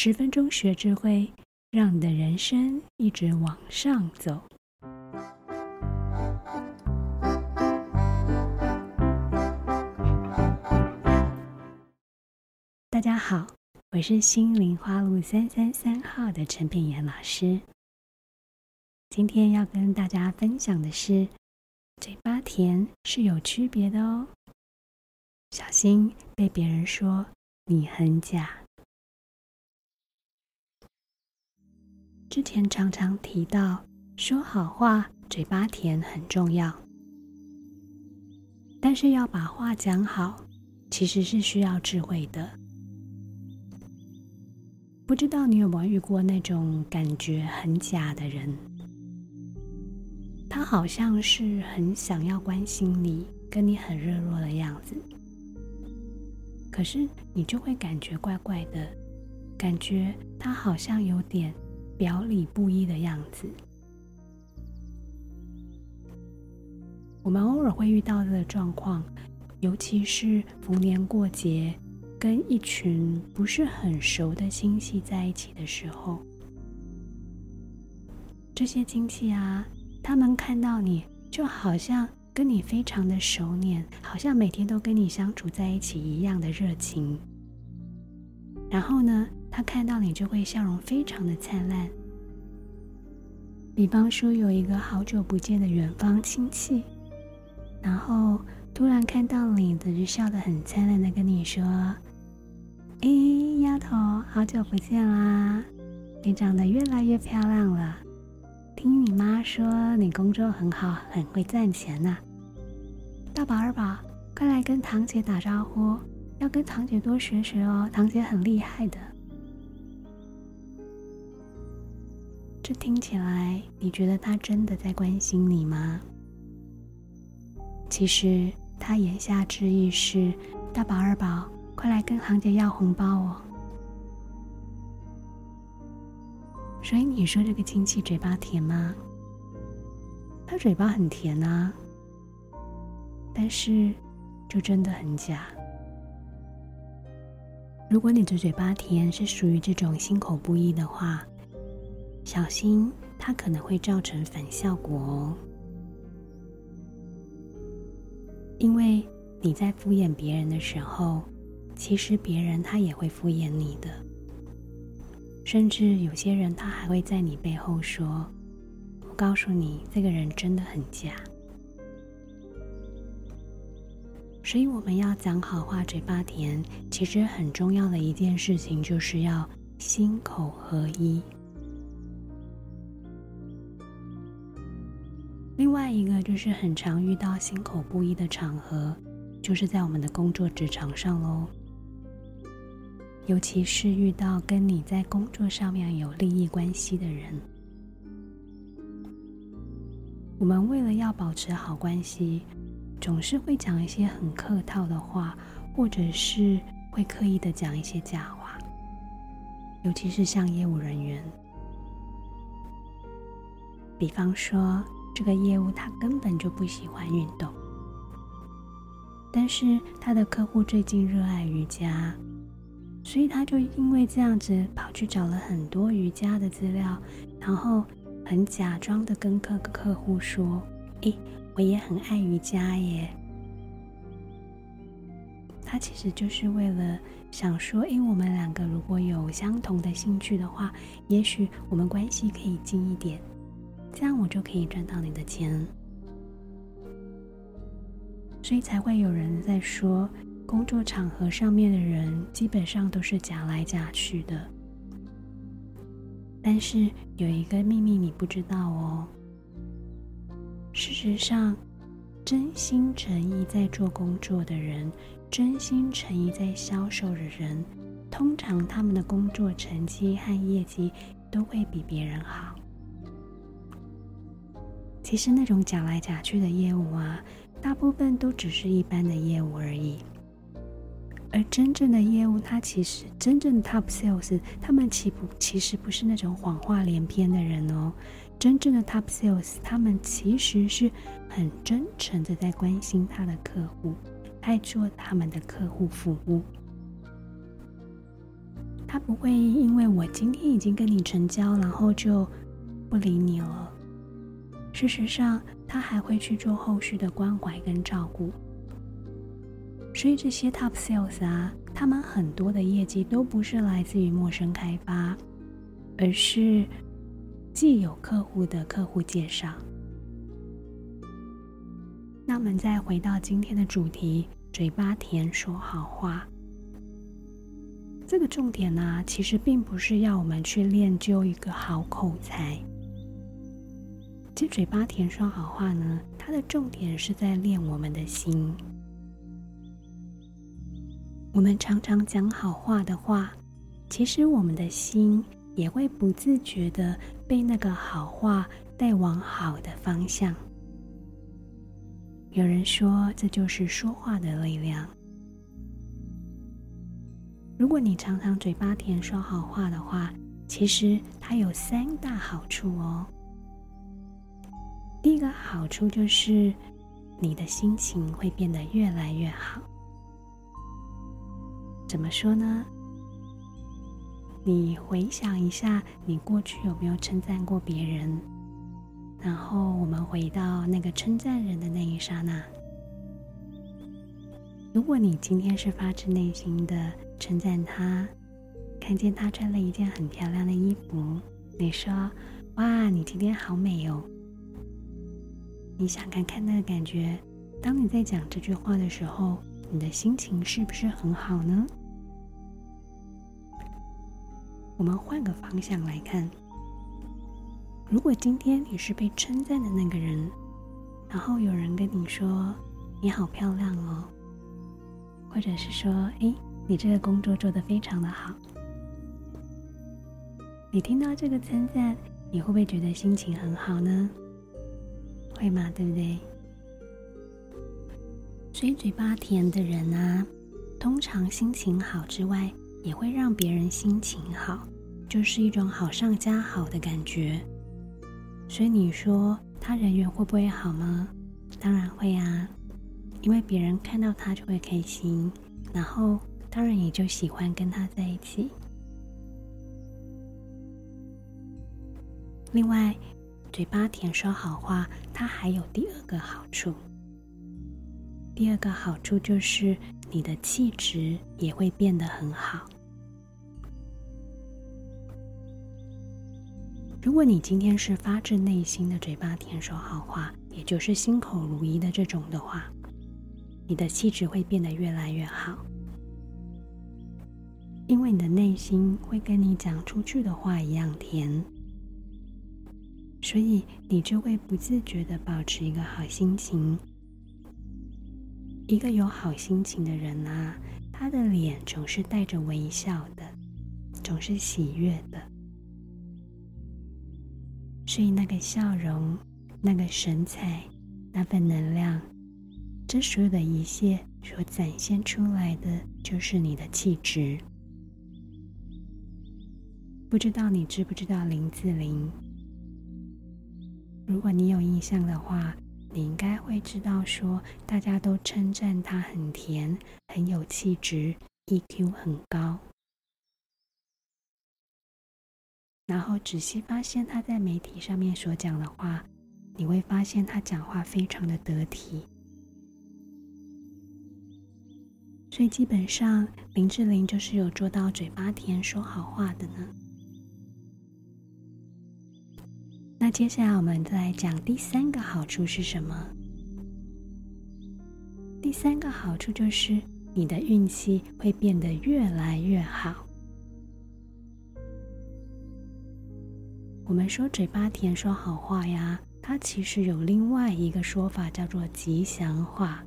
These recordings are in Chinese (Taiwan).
十分鐘學智慧，讓你的人生一直往上走。大家好，我是心靈花路三三三號的陳品言老師。今天要跟大家分享的是，嘴巴甜是有區別的哦，小心被別人說你很假。之前常常提到說好話，嘴巴甜很重要。但是要把話講好，其實是需要智慧的。不知道你有沒有遇過那種感覺很假的人？他好像是很想要關心你，跟你很熱絡的樣子，可是你就會感覺怪怪的，感覺他好像有點……表裡不一的樣子，我們偶爾會遇到的狀況，尤其是逢年過節，跟一群不是很熟的親戚在一起的時候，這些親戚啊，他們看到你，就好像跟你非常的熟稔，好像每天都跟你相處在一起一樣的熱情。然後呢，他看到你就會笑容非常的燦爛。比方說，有一個好久不見的遠方親戚，然後突然看到你，他就笑得很燦爛的跟你說：“哎，丫頭，好久不見啦！你長得越來越漂亮了。聽你媽說，你工作很好，很會賺錢吶、啊。大寶二寶，快來跟堂姐打招呼。”要跟堂姐多學學哦，堂姐很厲害的。這聽起來，你覺得她真的在關心你嗎？其實她言下之意是，大寶二寶，快來跟堂姐要紅包哦。所以你說這個親戚嘴巴甜嗎？她嘴巴很甜啊，但是，就真的很假。如果你的嘴，嘴巴甜是屬於這種心口不一的話，小心它可能會造成反效果哦。因為你在敷衍別人的時候，其實別人他也會敷衍你的，甚至有些人他還會在你背後說：“我告訴你，這個人真的很假。”所以我們要講好話，嘴巴甜，其實很重要的一件事情就是要心口合一。另外一個就是很常遇到心口不一的場合，就是在我們的工作職場上嘍，尤其是遇到跟你在工作上面有利益關係的人，我們為了要保持好關係。總是會講一些很客套的話，或者是會刻意的講一些假話。尤其是像業務人員，比方說這個業務他根本就不喜歡運動，但是他的客戶最近熱愛瑜伽，所以他就因為這樣子跑去找了很多瑜伽的資料，然後很假裝的跟各個客戶說：“一、欸。”我也很愛瑜伽耶。他其實就是為了想說，因為我們兩個如果有相同的興趣的話，也許我們關係可以近一點，這樣我就可以賺到你的錢。所以才會有人在說，工作場合上面的人基本上都是假來假去的。但是有一個秘密，你不知道哦。事實上，真心誠意在做工作的人，真心誠意在銷售的人，通常他們的工作成績和業績都會比別人好。其實那種講來講去的業務啊，大部分都只是一般的業務而已。而真正的業務，它其實真正的 top sales，他們其不其實不是那種謊話連篇的人哦。真正的 top sales，他們其實是很真誠地在關心他的客戶，愛做他們的客戶服務。他不會因為我今天已經跟你成交，然後就不理你了。事實上，他還會去做後續的關懷跟照顧。所以這些 top sales 啊，他們很多的業績都不是來自於陌生開發，而是既有客戶的客戶介紹，那我們再回到今天的主題，嘴巴甜說好話。這個重點呢，其實並不是要我們去練就一個好口才。其實嘴巴甜說好話呢，它的重點是在練我們的心。我們常常講好話的話，其實我們的心。也會不自覺地被那個好話帶往好的方向。有人說，這就是說話的力量。如果你常常嘴巴甜說好話的話，其實它有三大好處哦。第一個好處就是，你的心情會變得越來越好。怎麼說呢？你回想一下，你過去有沒有稱讚過別人？然後我們回到那個稱讚人的那一剎那。如果你今天是發自內心的稱讚他，看見他穿了一件很漂亮的衣服，你說：“哇，你今天好美哦！”你想看看那個感覺，當你在講這句話的時候，你的心情是不是很好呢？我們換個方向來看，如果今天你是被稱讚的那個人，然後有人跟你說“你好漂亮哦”，或者是說“哎，你這個工作做得非常的好”，你聽到這個稱讚，你會不會覺得心情很好呢？會嘛，對不對？所以嘴巴甜的人啊，通常心情好之外。也會讓別人心情好，就是一種好上加好的感覺。所以你說他人緣會不會好嗎？當然會啊，因為別人看到他就會開心，然後當然也就喜歡跟他在一起。另外，嘴巴甜說好話，他還有第二個好處。第二個好處就是。你的氣質也會變得很好。如果你今天是發自內心的嘴巴甜說好話，也就是心口如一的這種的話，你的氣質會變得越來越好。因為你的內心會跟你講出去的話一樣甜，所以你就會不自覺的保持一個好心情。一個有好心情的人啊，他的臉總是帶着微笑的，總是喜悅的。所以那個笑容、那個神采、那份能量，這所有的一切所展現出來的，就是你的氣質。不知道你知不知道林志玲？如果你有印象的話。你應該會知道說大家都稱讚她很甜，很有氣質，EQ 很高。然後仔細發現她在媒體上面所講的話，你會發現她講話非常的得體。所以基本上，林志玲就是有做到嘴巴甜說好話的呢。那接下來我們再來講第三個好處是什麼？第三個好處就是你的運氣會變得越來越好。我們說嘴巴甜，說好話呀，它其實有另外一個說法叫做吉祥話。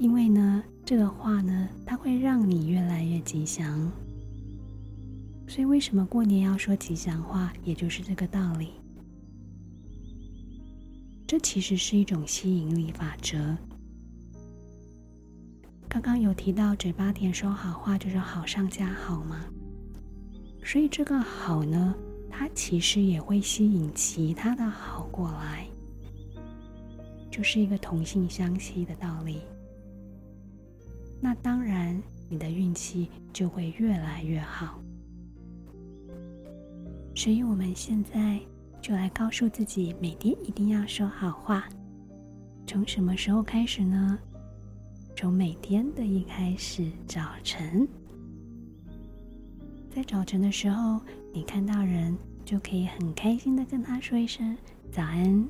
因為呢，這個話呢，它會讓你越來越吉祥。所以，為什麼過年要說吉祥話？也就是這個道理。這其實是一種吸引力法則。剛剛有提到，嘴巴甜說好話就是好上加好嘛。所以，這個好呢，它其實也會吸引其他的好過來，就是一個同性相吸的道理。那當然，你的運氣就會越來越好。所以，我們現在就來告訴自己，每天一定要說好話。從什麼時候開始呢？從每天的一開始，早晨。在早晨的時候，你看到人，就可以很開心的跟他說一聲“早安”。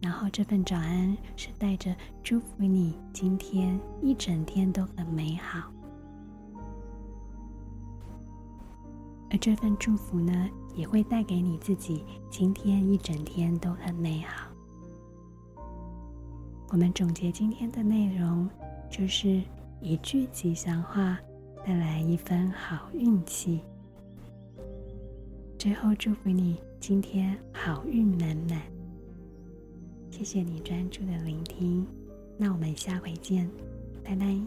然後，這份早安是帶着祝福，你今天一整天都很美好。而這份祝福呢，也會帶給你自己今天一整天都很美好。我們總結今天的內容，就是一句吉祥話，帶來一份好運氣。最後祝福你今天好運滿滿。謝謝你專注的聆聽，那我們下回見，拜拜。